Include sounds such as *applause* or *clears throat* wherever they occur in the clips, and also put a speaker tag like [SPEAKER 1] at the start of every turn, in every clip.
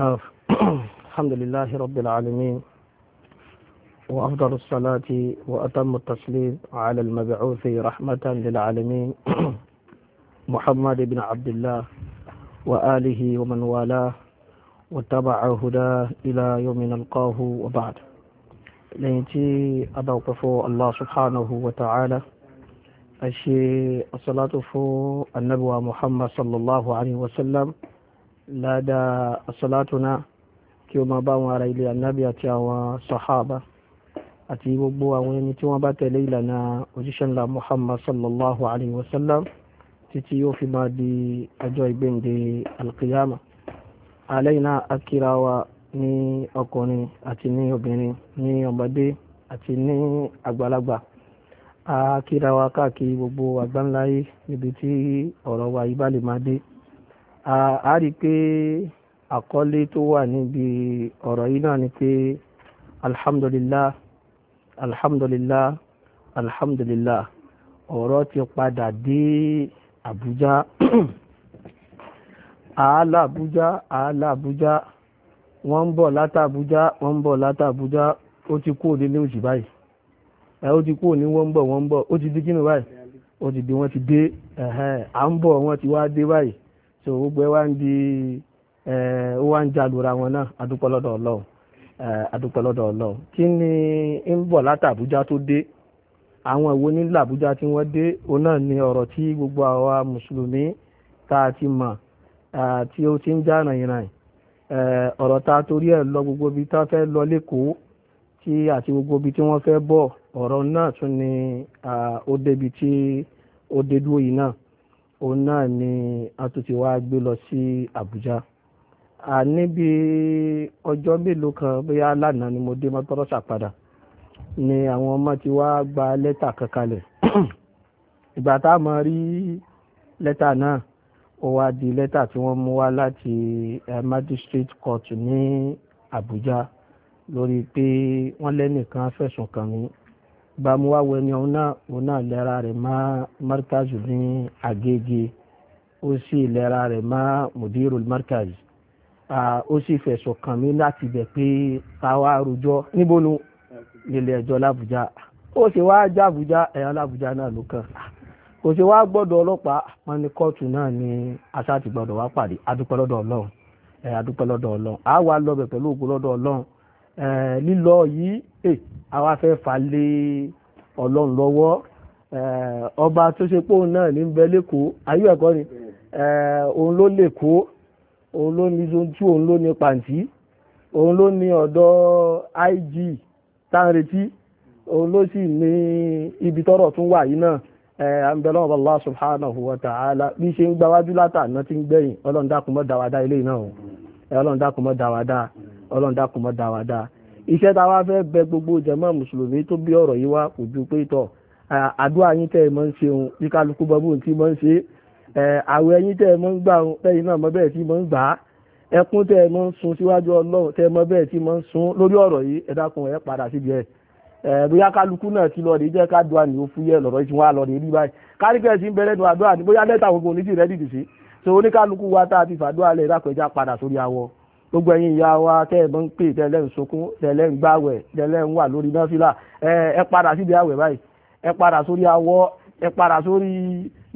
[SPEAKER 1] آه. *clears throat* الحمد لله رب العالمين وأفضل الصلاة وأتم التسليم على المبعوث رحمة للعالمين *clears throat* محمد بن عبد الله وآله ومن والاه واتبع هداه إلى يوم نلقاه وبعد لينتي أدوقف الله سبحانه وتعالى أشي الصلاة فو النبوة محمد صلى الله عليه وسلم ládàá asọ́látúná kí ó máa bá àwọn ará ilé ànábì àti àwọn sàhábà àti gbogbo àwọn ẹni tí wọ́n bá tẹ̀lé ìlànà òjíṣẹ́ ńlá muhammad sallallahu alayhi wa sallam títí yóò fi máa di ọjọ́ ìgbéǹde alqiyama alẹ́yìn náà akíra wa ní ọkùnrin àti ní obìnrin ní ọmọdé àti ní àgbàlagbà akíra káàkiri gbogbo àgbáńláyé níbi tí ọ̀rọ̀ wa yìí bá lè máa dé a rí i pé àkọlé tó wà níbi ọ̀rọ̀ yìí náà ni pé alhamdulillah alhamdulillah alhamdulillah ọ̀rọ̀ ti padà dé Àbújá àálà Àbújá àálà Àbújá wọ́n ń bọ̀ látàbújá wọ́n ń bọ̀ látàbújá ó ti kúrò nílé òsì báyìí ẹ ó ti kúrò ní wọ́n ń bọ̀ wọ́n ń bọ̀ ó ti di kí ni báyìí ó ti di wọ́n ti dé à ń bọ̀ wọ́n ti wá dé báyìí so gbogbo ẹ wá ń di ó wá ń jálura wọn náà adúpẹ́ lọ́dọ̀ ọlọ́run adúpẹ́ lọ́dọ̀ ọlọ́run kí ni ń bọ̀ láti àbújá tó dé àwọn ìwo nílò àbújá tí wọ́n dé òun náà ni ọ̀rọ̀ tí gbogbo àwa mùsùlùmí tá a ti mọ̀ tí ó ti ń já ràyìnràyìn ọ̀rọ̀ ta torí ẹ̀ lọ gbogbo ibi tá a fẹ́ lọ lẹ́kọ̀ọ́ tí àti gbogbo ibi tí wọ́n fẹ́ bọ̀ ọ̀rọ̀ náà tún ni ó débi tí ó dé yìí náà òun náà ni a tún ti wá gbé lọ sí Àbújá a níbi ọjọ́ mélòó kan bóyá lánàá ni mo dé mọ́tọ́rọ́sà padà ni àwọn ọmọ ti wá gba lẹ́tà kan kalẹ̀ *clears throat* ìgbà tá a mọ rí lẹ́tà náà ó wá di lẹ́tà tí wọ́n mú wá láti eh, magistrate court ní abuja lórí pé wọ́n lẹ́nìkan fẹ̀sùn kàn mí bamuwa mu wá wo ẹni ọ̀hún náà rẹ̀ má markaz ní agége ó sì rẹ̀ má mudirul markaz ó sì fẹ̀sùn kàn mí láti bẹ̀ pé táwa rojọ́ níbo nu nílé ẹjọ́ làbújá ó sì wá já àbújá ẹ̀yà làbújá náà ló kàn ni kóòtù náà ni aṣáàtì gbọ́dọ̀ wá pàdé adúpẹ́ lọ́dọ̀ ọlọ́run adúpẹ́ lọ́dọ̀ ọlọ́run àá wá pẹ̀lú Eh, lílọ yìí eh, àwa fẹ́ fà lé ọlọ́run eh, ọba tó ṣe pé náà ní bẹ lẹ́kọ̀ọ́ ayé ẹ̀kọ́ ni òun ló lè òun ló ní tí òun ló ní pàǹtí òun ló ní IG tá à ń retí òun ló sì ní ibi tọ́rọ̀ tún wà yìí náà Allah subhanahu wa ta'ala bí ṣe ń gbáwájú ń gbẹ̀yìn ọlọ́run dákun mọ́ dáwàdá ilé náà ọlọ́run dákun ọlọ́run dákun mọ́ dáadáa iṣẹ́ tá a wá fẹ́ bẹ gbogbo jàmá mùsùlùmí tó bí ọ̀rọ̀ yìí wá kò ju pé tọ̀ àdúrà yín tẹ́ ẹ mọ́ ń ṣe òun bí kálukú bọ́ bóun tí mọ́ ń ṣe àwẹ̀ yín tẹ́ ẹ mọ́ ń gbà òun tẹ́yìn náà mọ́ bẹ́ẹ̀ tí mọ́ ń gbà á ẹkún tẹ́ ẹ mọ́ ń sun síwájú ọlọ́run tẹ́ ẹ mọ́ bẹ́ẹ̀ tí mọ́ ń sun lórí ọ̀rọ̀ yìí ẹ dákun ẹ padà síbi ẹ̀ bóyá kálukú náà ti lọ rí jẹ́ ká dùn àní òfú yẹ lọ́rọ̀ ìṣúná lọ rí rí báyìí káríkẹ́ sí ń bẹ̀rẹ̀ dùn àdúrà ní bóyá lẹ́tà gbogbo oníjì rẹ́ dìdì sí so oníkálukú wa tá a ti fàdúrà lẹ̀ dákun ẹja padà sórí awọ gbogbo ẹ̀yin ìyá wa tẹ́ ẹ̀ bọ́ ń pè tẹ́lẹ̀ ń sunkún tẹ́lẹ̀ ń gbàwẹ̀ tẹ́lẹ̀ ń wà lórí náfìlà ẹ padà síbi àwẹ̀ báyìí ẹ padà sórí awọ ẹ padà sórí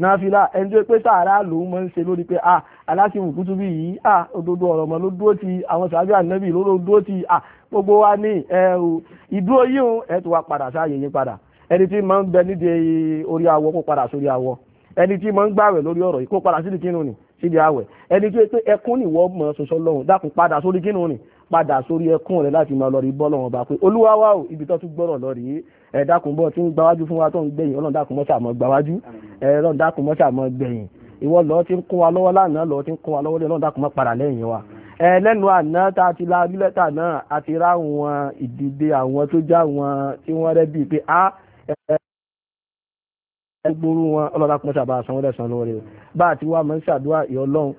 [SPEAKER 1] náfìlà ẹni tó pé sàárà lòún máa ń ṣe lórí pé a aláṣẹwò kútú bí yìí a òdodo ọ̀rọ̀ mọ́ ló dúró ti àwọn sàbí ànábì ló ló dúró ti a gbogbo wa ní ẹ o ìdúró yíhun ẹ tó wa padà sáàyè yín padà ẹni tí máa ń bẹ nídìí orí awọ kó padà sórí awọ ẹni tí máa ń gbàwẹ̀ lórí ọ̀rọ̀ yìí kó padà sídìí kínú ni síbi àwẹ̀ ẹni tó pé ẹkún ni wọ́n mọ̀ ṣoṣọ lọ́hùn dákun padà sórí kínú rìn padà sórí ẹkún rẹ̀ láti máa lọ rí bọ́ lọ́wọ́n bá pé olúwa wá o ibi tó tún gbọ́rọ̀ lọ rèé ẹ dákun bọ́ tí ń gbáwájú fún wa tó ń gbẹ̀yìn ọlọ́run dákun mọ́ṣà mọ́ gbáwájú ẹ ọlọ́run mọ́ṣà mọ́ gbẹ̀yìn ìwọ lọ ti ń kún wa lọ́wọ́ lánàá lọ ti ń kún wa lọ́wọ́ ọlọ́run mọ́ padà lẹ́yìn wa ẹ àná tá a ti la abílẹ́tà náà a ti ìdìde àwọn tó já àwọn tí wọ́n rẹ́ bíi pé a gbogbo wọn ọlọ́dà pọ̀ sábà sanwó lẹ́sàn-án lórí o bá a ti wá mọ̀ ń ṣàdúrà ìyọ́ ọlọ́run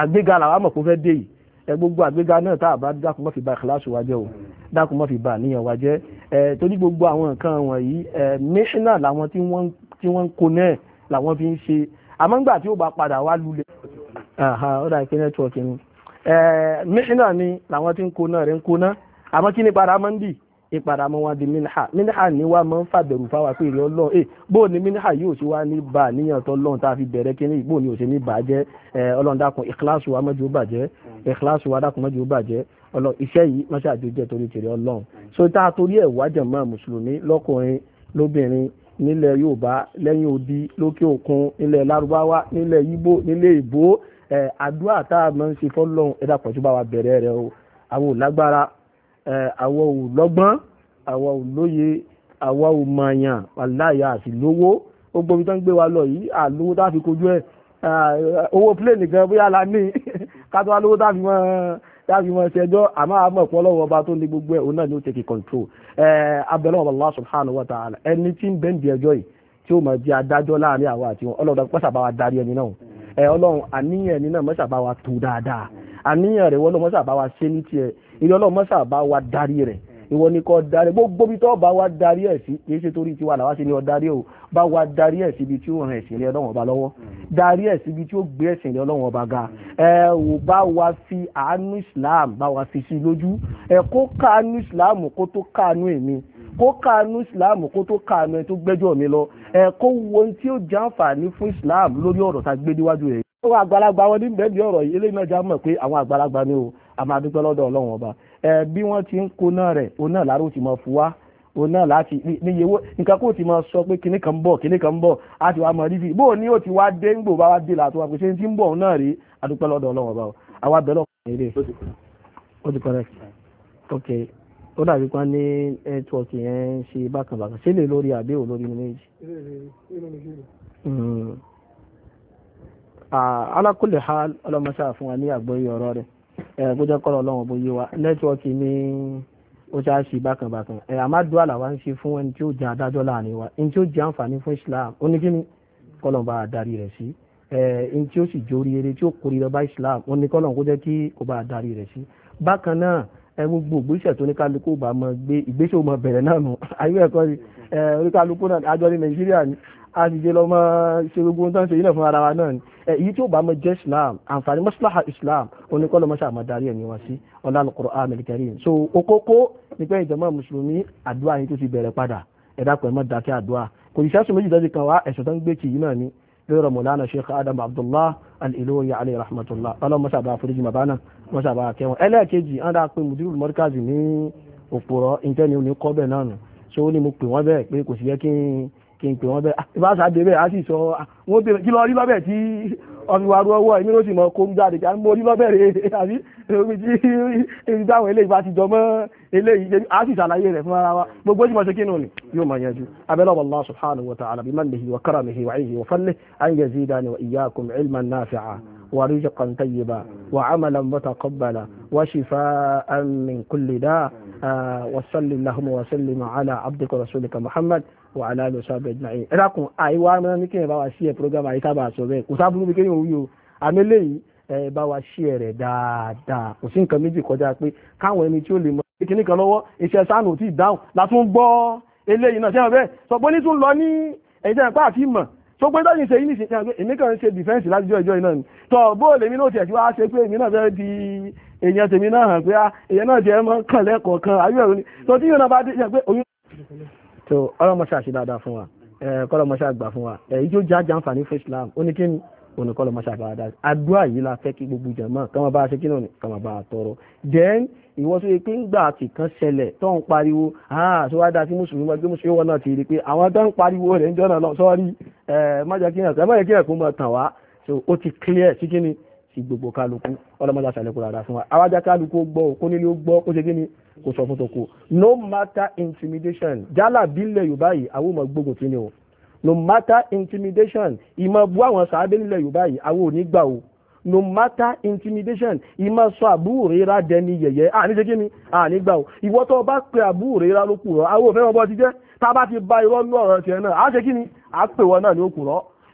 [SPEAKER 1] àgbéga làwọn àmọ̀ kó fẹ́ dé yìí gbogbo àgbéga náà tá a bá dákun mọ́ fi ba ìkíláàsù wa jẹ́ o dákun mọ́ fi ba àníyàn wa jẹ́ torí gbogbo àwọn nǹkan wọ̀nyí míṣínà làwọn tí wọ́n ń kó náà làwọn fi ń ṣe àmọ́ ńgbà tí ó bá padà wá lulẹ̀ ó dà pé nẹ́tíwọ̀kì ni míṣínà ni làwọn tí ń kó náà rẹ̀ ń kó náà àmọ́ kí ni padà máa ń dì ìpadà mọ́ wọn di minha minha ni wá máa ń fàbẹ̀rù fáwa pé ọlọ́run ẹ eh, bó ni minha yóò ṣe wá ní bá níyàn tó lọ́run tá a fi bẹ̀rẹ̀ kínní bó ni ò ṣe ní bàjẹ́ eh, ọlọ́run dákun ìkíláàsù wa mọ́jú bàjẹ́ ìkíláàsù wa dákun mọ́jú bàjẹ́ ọlọ́run iṣẹ́ yìí mọ́ṣẹ́ àjòjẹ́ torí tèrè ọlọ́run so tá a torí ẹ̀ wájà mọ́ mùsùlùmí lọ́kùnrin lóbìnrin nílẹ̀ Yorùbá lẹ́yìn odi lókè òkun nílẹ̀ Lárúbáwá nílẹ̀ Ìgbò nílẹ̀ Ìbò eh, àdúrà tá a máa ń ṣe fọ́lọ́run ẹ̀dá pọ̀jù wa bẹ̀rẹ̀ rẹ o àwọn ò Eh, àwa ò lọ́gbọ́n àwa ò lóye àwa ò mọ̀ọ̀yàn aláya àti lówó ó gbọ́n mi tán gbé wa lọ yìí àlówó tá a fi kojú ẹ̀ eh, owó pléènì gan bóyá la ní *laughs* ká tó wá lówó tá a fi mọ̀ ọ́ láti wọn ṣẹjọ́ àmọ́ àmọ́ ìpọ́lọ́wọ́ ọba tó ní gbogbo ẹ̀ òun náà ni ó tẹ̀kì control eh, abẹ́lẹ́ Allah subhanahu wa ta'ala ẹni tí ń bẹ́ ń di ẹjọ́ yìí tí ó máa di adájọ́ láàrin àwa àti wọn ọlọ́run pẹ́sà bá wa darí ẹni náà ẹ ọlọ́run àníyàn ẹni náà mọ́sà bá wa tó dáadáa àníyàn rẹ̀ wọ́n lọ́ mọ́sà bá wa ṣe ní tiẹ̀ ilé ọlọ́mọ́sà bá wa darí rẹ̀ ìwọ ni kò darí gbogbo bí tó bá wa darí ẹ̀ sí kìí ṣe torí tiwa làwa ṣe ni ọ darí o bá wa darí ẹ̀ síbi tí ó ràn ẹ̀sìn ilé ọlọ́wọ́n ọba lọ́wọ́ darí ẹ̀ síbi tí ó gbé ẹ̀sìn ilé ọlọ́wọ́n ọba ga ẹ ò bá wa fi àánú Islam bá wa fi sí lójú ẹ kó kánú Islam kó tó kánú èmi kó kánú Islam kó tó kánú ẹ tó gbẹ́jọ́ mi lọ ẹ kó wo ohun tí ó jàǹfààní fún Islam lórí ọ̀rọ̀ tá a gbé níwájú rẹ̀. àwọn àgbàlagbà wọn ní bẹ́ẹ̀ ní ọ̀rọ̀ yìí eléyìí náà já mọ̀ pé àwọn àgbàlagbà ni o a máa dúpẹ́ lọ́dọ̀ ọlọ́run ọba ẹ bí wọ́n ti ń kó náà rẹ̀ òun náà láró ti mọ̀ fún wa òun náà láti níye owó nǹkan kó ti mọ sọ pé kinní kan ń bọ̀ kinní kan ń bọ̀ á ti wá mọ rí sí bó o ní o ti wá dé ń gbò bá dé làtọ́ wa pé ṣé ti ń bọ̀ òun náà rí a dúpẹ́ lọ́dọ̀ ọlọ́run ọba àwa bẹ̀rẹ̀ ọkùnrin eré ó ti correct ok ó dàbí kan ní network yẹn ṣe bákan bákan ṣé lè lórí àbí ò lórí méjì. alákòlè ha ọlọmọṣáà fún wa ní àgbọ́yé ọ̀rọ̀ rẹ̀ gbọ́dọ̀ kọ́ ọlọ́run bó yé wa nẹ́tíwọ́ọ̀kì ní ó ṣáà ṣe bákan bákan ẹ̀ àmàdùn àlàwà ń ṣe fún ẹni tí ó jẹ́ adájọ́ láàrin wa ẹni tí ó jẹ́ àǹfààní fún Islam ó ní kíni kọ́lọ̀mbà adarí rẹ̀ sí ẹni tí ó sì jórí eré tí ó kórè lọ bá Islam ó ní kọ́lọ̀ kó jẹ́ kí kó bá adarí rẹ̀ sí bákan náà ẹ gbogbo ìgbésẹ̀ tó ní kálukú bá mọ gbé ìgbésẹ̀ òmọ bẹ̀rẹ̀ náà nù *laughs* ayé ẹ̀kọ́ oníkálukú náà àjọ ní Nàìjíríà ni a sì jẹ́ lọ́mọ ṣe gbogbo ohun tó ń ṣe yìí náà fún ara wa náà ni Eh, èyí tí ó bá mọ jẹ́ islam àǹfààní maslaha islam oníkọ́lọ́ mọ́ṣá àmọ́ darí ẹ̀mí wá sí ọ̀là al-Qur'an al so okoko nípa ìjọba mùsùlùmí àdúrà yìí tó ti bẹ̀rẹ̀ padà ẹ̀dá pẹ̀lú mọ́ dákẹ́ àdúrà kò sí sẹ́sùn méjì dájú kan wá ẹ̀sùn tó ń gbé kì í náà ni lórí mọ̀lánà sheikh adam abdullah al-iloyi alayhi rahmatullah ọlọ́run mọ́ṣá bá foríjì màbá náà mọ́ṣá bá kẹwọn ẹlẹ́ẹ̀kejì á dáa pé mudirul markazi ní òpòrọ̀ ìjẹ́ni oníkọ́bẹ̀ náà nù so ó ní mo pè wọ́n bẹ́ẹ̀ pé kò sí yẹ kí n kí n pè wọ́n bẹ́ẹ̀ ìbáṣà débẹ̀ á sì sọ wọ́n bẹ̀rẹ̀ kí lọ rí lọ́bẹ̀ tí ọmọ ìwà ọwọ́ ẹ̀mí ló sì mọ kó ń jáde kí mo rí lọ́bẹ̀ rẹ̀ àbí omi tí ibi táwọn eléyìí bá ti jọ mọ́ eléyìí á sì ṣàlàyé rẹ̀ fún ara wa gbogbo ojúmọ̀ ṣe kínú ni yóò máa yanjú abẹ́lẹ́ Allah subhanahu wa ta'ala bi mannihi wa karamihi wa ayyihi wa fadlihi an yazidani wa iyyakum ilman nafi'a ورزقا طيبا وعملا متقبلا وشفاء من كل داء وصل اللهم وسلم على عبدك ورسولك محمد wà láàlọ́ sábẹ́ ìgbà yẹn ẹ dákun àìwá náà ní kéèyàn bá wa ṣí ẹ program àyíká bá a sọ bẹ́ẹ̀ kò sábúrú bí kéèyàn wí o àmì eléyìí ẹ bá wa ṣí ẹ rẹ̀ dáadáa kò sí nǹkan méjì kọjá pé káwọn ẹni tí ó lè mọ kíní kan lọ́wọ́ iṣẹ́ sánù tí ìdáhùn la tún gbọ́ eléyìí náà sẹ́wọ̀n bẹ́ẹ̀ sọ̀gbọ́n ní tún lọ ní ẹ̀jẹ̀ ẹ̀pá àti ìmọ̀ tó pé tọ́jú ṣe yìí nìṣẹ́ kan èmi kàn ṣe dìfẹ́ǹsì láti ìjọ iná ni tọ́ bó lèmi náà tiẹ̀ tí wàá ṣe pé èmi náà fẹ́ di èèyàn tèmi náà hàn pé ah, èèyàn náà jẹ́ mọ́ kàn lẹ́kọ̀ọ́ kan ayé ẹ̀rọ ni tọ́ tí yóò náà bá dé ṣe pé oyún so ọlọ́mọṣẹ́ àṣẹ dáadáa fún wa kọ́lọ́mọṣẹ́ àgbà fún wa èyí tó já jàǹfààní fún Islam ó ní kí ni òní kọ́lọ́mọṣẹ́ àgbà dáadáa àdúrà yìí la fẹ́ kí gbogbo jàmáà kọ́mọ bá a ṣe kí náà ni kọ́mọ bá a tọrọ then ìwọ tó yẹ pé ń gbà tí kan ṣẹlẹ̀ tó ń pariwo ah tó wá da sí mùsùlùmí wọn gbé mùsùlùmí wọn náà ti rí pé àwọn tó ń pariwo rẹ̀ ń jọ́nà lọ sọ́ọ́rí ẹ̀ má jẹ́ kí ẹ̀kọ́ má jẹ́ kí ẹ̀kọ́ máa tàn wá so ó ti clear sí kí ni ti gbogbo kálukú ọlọ́mọdé àṣàlẹ̀kù rárá fún wa àwájá kálukú gbọ́ kó nílé ó gbọ́ kó ṣe kí kò sọ fún tòkó no matter intimidation jálà bílẹ̀ yorùbá yìí àwọn ọmọ gbogbo tí ni o no matter intimidation ìmọ̀ bú àwọn sàábé nílẹ̀ yorùbá yìí àwọn ò ní gbà o no matter intimidation ìmọ̀ sọ àbúrérà dẹni yẹ̀yẹ́ àní ṣe kí ni àní gbà o ìwọ tó o bá pe àbúrérà ló kù rọ àwọn òfin ọbọ ti jẹ́ tá a bá ti ba irọ́ lọ́rọ̀ tiẹ̀ náà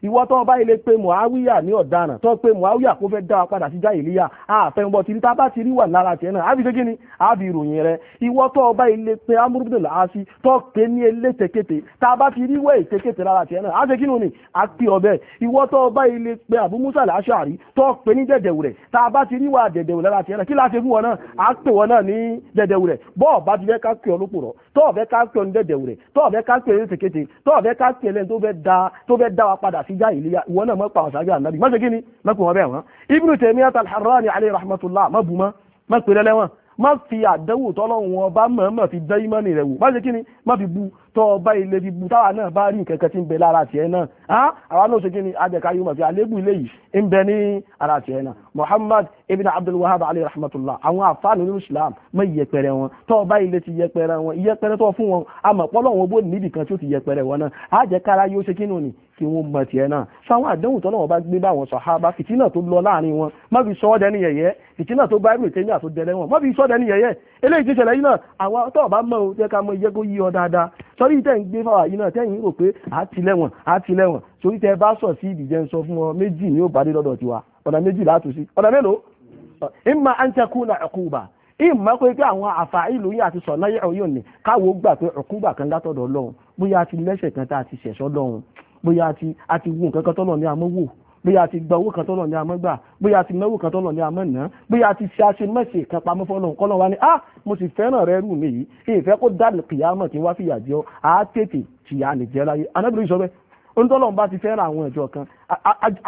[SPEAKER 1] ìwọ tó bá ilé pé muawiya ní ọ̀daràn tó pé muawiya kó fẹ́ dá wa padà sí jahiliya àfẹnbọ tí níta bá ti rí wà lára tiẹ̀ náà àbí kékeré àbí ìròyìn rẹ ìwọ tó bá ilé pé amúrúbùdùn làásì tó pé ní elétekéte tá a bá ti rí wẹ̀ ìtekéte lára tiẹ̀ náà àṣẹ kínú ni a pè ọbẹ̀ ìwọ tó bá ilé pé àbú musa làásàárì tó pé ní dẹ̀dẹ̀wù rẹ̀ tá a bá ti rí wà dẹ̀dẹ̀wù lára tiẹ̀ náà kí láti fún wọn náà a pè wọn náà ní dẹ̀dẹ̀wù rẹ̀ bọ́ọ̀ bá ti fẹ́ ká pè ọ lópùrọ̀ tọ́ọ̀ fẹ́ ká pè ọ ní dẹ̀dẹ̀wù rẹ̀ tọ́ọ̀ fẹ́ ká pè ọ ní elétekéte tọ́ọ̀ fẹ́ ká pè ọ tó fẹ́ dá wa padà sí jahiliya ìwọ náà mọ́ pa ọ̀sán àgbà nàbì mọ́sẹ̀ kíni mọ́kùn wọn bẹ́ẹ̀ wọ́n Ibn Taymiyyah al-Harrani alayhi rahmatullah mọ́ bu mọ́ mọ́ pẹ̀lẹ́ lẹ́wọ̀n má fi àdánwò tọ́lọ́run ọba mọ̀ọ́mọ̀ fi dán ìmọ̀ni rẹ̀ wò má ṣe kíni má fi bu tọ́ ọba ilé bíbu táwa náà bá rí nǹkan kan tí ń bẹ lára tiẹ̀ náà á àwa náà ṣe kí ni àjẹká yóò mọ̀ fi àlébù ilé yìí ń bẹ ní ara tiẹ̀ náà Muhammad ibn Abdul Wahhab alayhi rahmatullah àwọn àfáàní ní Islam mọ ìyẹpẹrẹ wọn tọ́ ọba ilé ti yẹpẹrẹ wọn ìyẹpẹrẹ tọ́ fún wọn àmọ́ pọ́lọ́ wọn bó níbì kan tí ó ti yẹpẹrẹ wọn náà àjẹkára yóò ṣe ni kí wọ́n mọ̀ tiẹ̀ náà sáwọn àdéhùn tọ́lọ́ wọn bá gbé bá àwọn sàhábà fìtínà tó lọ láàrin wọn má fi sọ ọ́ dẹni yẹ̀yẹ́ fìtínà tó bá irú ìtẹ́yìn àtòjẹlẹ́wọ̀n má fi sọ ọ́ dẹni yẹ̀yẹ́ eléyìí ti ṣẹlẹ̀ yìí náà àwọn tọ́ọ̀ mọ̀ ọ́ jẹ́ ká mọ iye kó yí ọ dáadáa sọ́rí tẹ́ ń gbé fáwà yìí náà tẹ́yìn rò pé àtìlẹ́wọ̀n àtìlẹ́wọ̀n torí tẹ́ bá sọ̀ sí ìdíjẹ́ ń sọ fún ọ méjì ní ó bá dé lọ́dọ̀ tiwa ọ̀nà méjì látòsí ọ̀nà mélòó ìmà àǹtẹ̀kùnà ẹ̀kùnbà ìmọ̀ pé pé àwọn àfàìlú yìí àti sọ̀nà yóò ní káwọ́ gbà pé kan látọ̀dọ̀ ọlọ́run bóyá ti lẹ́sẹ̀ kan tá a ti ṣẹ̀ṣọ́ lọ́run bóyá ti wo nǹkan kan bóyá ti gba owó kan tọ́lọ̀ ní amọ́ gbà bóyá ti náwó kan tọ́lọ̀ ní amọ́ ná bóyá ti ṣe aṣemọ́ṣe kan pamọ́ fọ́lọ́hún kọ́lọ́ wa ni ah mo sì fẹ́ràn rẹ rú mi yìí ìfẹ́ kó dà kìyàmọ̀ kí wá fìyà jẹ́ ọ́ àá tètè tìyà nìjẹ́ láyé anábìrin sọ bẹ́ẹ̀ ntọ́lọ́run bá ti fẹ́ràn àwọn ìjọ kan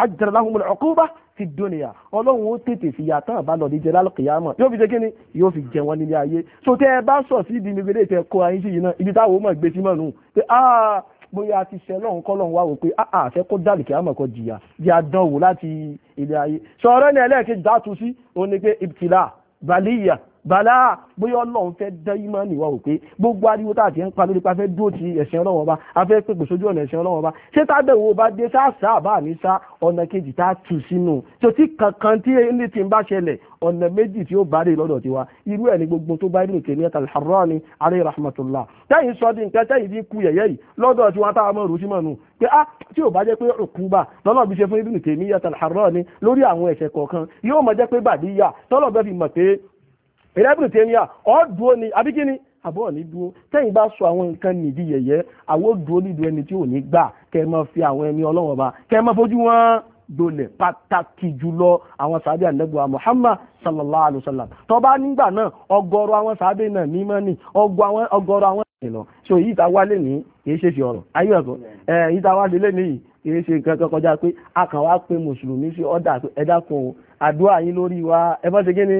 [SPEAKER 1] ajẹ́rẹ́láhùn ọ̀kúbá fi dúnìyà ọlọ́run ó tètè fi yàtọ̀ bá lọ díjẹ́ lálùkìyàmọ̀ yóò fi ṣe kí ni yóò fi jẹ wọn nílé ayé so tẹ́ ẹ bá sọ̀ sí ibi níbi ilé ìfẹ́ kó ayé sí yìí náà ibi táwọn ọmọ ìgbésí mọ̀ nù pé aaa ah, bóyá ti ṣe lọ́hùn kọ́ lọ́hùn wá wò pé àà ah, fẹ́ ah, kó dàlìkì àmọ̀ kó jìyà di àdánwò láti ilé ayé sọ̀rọ̀ ní ẹlẹ́ẹ̀kejì dátú sí òun ni pé ibtila baliya bàlá bóyá ọlọ́run fẹ́ dán yí máa nìwà wò pé gbogbo ariwo tá a ti ń pa lórí pa fẹ́ dúró ti ẹ̀sìn ọlọ́run ọba a fẹ́ pèpè sójú ọ̀nà ẹ̀sìn ọlọ́run ọba ṣé tábẹ̀wò bá dé sáàsá àbá mi sá ọ̀nà kejì tá a tù sínú tó tí kankan tí ilé ti ń bá ṣẹlẹ̀ ọ̀nà méjì tí ó bá rè lọ́dọ̀ tiwa irú ẹ̀ ni gbogbo tó bá rí nìkan ní al rahmatullah tẹ́yìn sọ di nǹkan tẹ́yìn fi ku yẹ̀yẹ́ yìí lọ́dọ̀ tiwa táwọn ọmọ ah tí ò bá jẹ́ pé òkúba lọ́nà bí ṣe fún Ibn Taymiyyah Al-Harrani lórí àwọn ẹ̀ṣẹ̀ kọ̀ọ̀kan yóò mọ̀ jẹ́ pé bàdíyà tọ́lọ̀ bẹ́ fi mọ̀ pé ìrẹ́bìrì tèmi à ọ́ dúró ni àbí kí ni àbọ̀ ní dúró tẹ́yìn bá sọ àwọn nǹkan nìdí yẹ̀yẹ́ àwọn dúró nídùú ẹni tí ò ní gbà kẹ́ ẹ máa fi àwọn ẹni ọlọ́wọ́n bá kẹ́ ẹ máa fojú wọn dolẹ̀ pàtàkì jùlọ àwọn sàbẹ̀ àlẹ́gbọ̀ọ́ Muhammad sallallahu alayhi wa sallam tọ́ba nígbà náà ọgọ́rọ̀ àwọn sàbẹ̀ náà ní mọ́ni ọgọ́rọ̀ àwọn ìlọ so yìí ta wálé ní kìí ṣe fi ọ̀rọ̀ ayé ọ̀kọ́ ẹ̀ yìí ta wálé lé ní kìí ṣe nǹkan kan kọjá pé a kàn wá pé mùsùlùmí sí ọ̀dà ẹ̀dá kan àdúrà yín lórí wa ẹ bá ṣe kí ni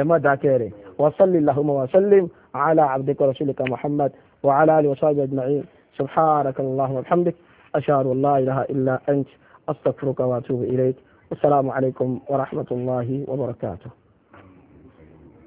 [SPEAKER 1] إما داكيري وصل اللهم وسلم على عبدك ورسولك محمد وعلى آله وصحبه أجمعين سبحانك اللهم وبحمدك أشهد أن لا إله إلا أنت أستغفرك وأتوب إليك والسلام عليكم ورحمة الله وبركاته